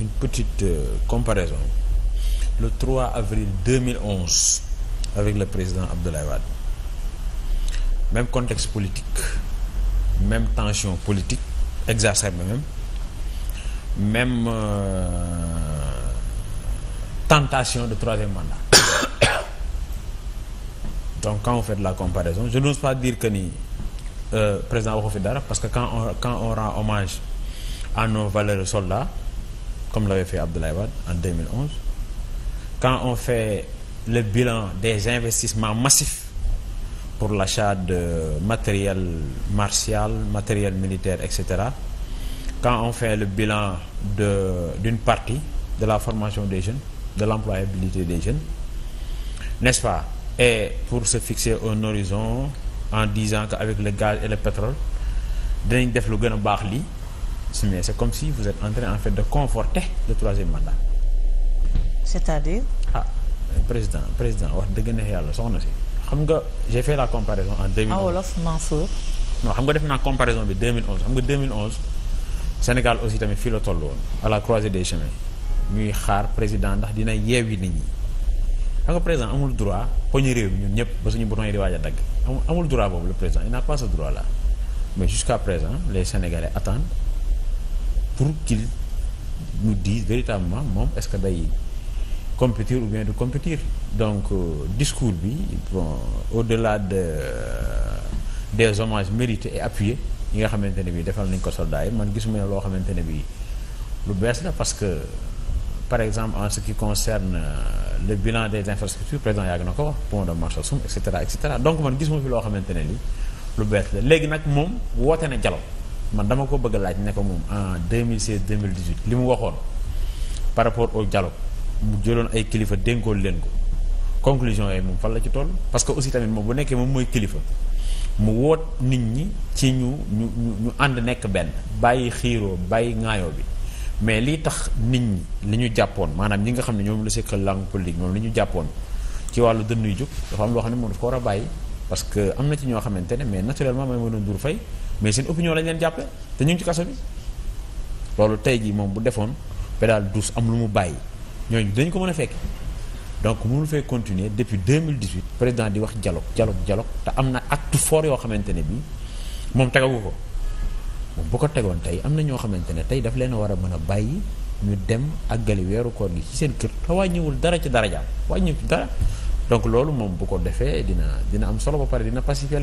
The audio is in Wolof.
une petite euh, comparaison le 3 avril 2011 avec le président Abdoulaye Wade même contexte politique même tension politique exacerbée même même euh, tentation de troisième mandat donc quand vous faites la comparaison je n'ose pas dire que ni euh, président waxu fi dara parce que quand on, quand on rend hommage à nos valeureux soldats comme l'avait fait Abdoulaye Wade en 2011 quand on fait le bilan des investissements massifs pour l'achat de matériel martial matériel militaire etc quand on fait le bilan de d'une partie de la formation des jeunes de l'employabilité des jeunes n'est-ce pas et pour se fixer un horizon en disant avec le gaz et le pétrole dinañ def lu gën a baax lii mais c'est comme si vous êtes en train en fait de conforter le à dire ah président président wax dëgg neex yàlla soxna si xam nga j'ai fait la comparaison en 2011 en ah, wolof Mansour. non xam nga def na comparaison bi 2011 xam nga 2011 Sénégal aussi tamit fii la toll woon à la croisée des chemins ñuy xaar président ndax dina yeewi nit ñi xam nga président amul droit poñi réew mi ñun ñëpp ba suñu bouton yi di waaj a dagg amul amul droit boobu le président il n'a pas ce droit là mais jusqu'à présent les Sénégalais attendent. pour qu'il nous dise véritablement moom est-ce que day compétir ou bien de compétir donc euh, discours bi bon au-delà de euh, des hommages mérités et appuyés yi nga xamante ne bi defal nañ ko soldats yi man gisuma loo xamante ne bi lu bees la parce que par exemple en ce qui concerne euh, le bilan des infrastructures président yàgg na ko wax pont de Marsassoum et cetera et cetera donc man gisuma fi loo xamante ne li lu bees la léegi nag moom woote na dialogue man dama ko bëgg laaj ne ko moom en 2016 2018 li mu waxoon par rapport au jalo mu jëloon ay kilifa dénkoon leen ko conclusion yooyu moom fan la ci toll parce que aussi tamit moom bu nekkee moom mooy kilifa mu woot nit ñi ci ñu ñu ñu ànd nekk benn bàyyi xiiroo bàyyi ŋaayoo bi mais lii tax nit ñi li ñu jàppoon maanaam ñi nga xam ne ñoom la sekk langue politique moom li ñu jàppoon ci wàllu dënn yu jóg dafa am loo xam ne moom daf ko a bàyyi parce que am na ci ñoo xamante ne mais naturellement may mën fay mais seen opinion lañ leen jàppe te ñu ngi ci kaso bi loolu tey jii moom bu defoon pédale douce am lu mu bàyyi ñooñu dañ ko mën a fekk donc mënul fay continuer depuis 2018 président di wax dialogue dialogue dialogue te am na acte fort yoo xamante ne bii moom tegagu ko moom bu ko tegoon tey am na ñoo xamante ne tey daf leen a war a mën a bàyyi ñu dem àggali weeru koor gi ci seen kër te wàññiwul dara ci dara jaam wàññiwul ci dara donc loolu moom bu ko defee dina dina am solo ba pare dina pacifier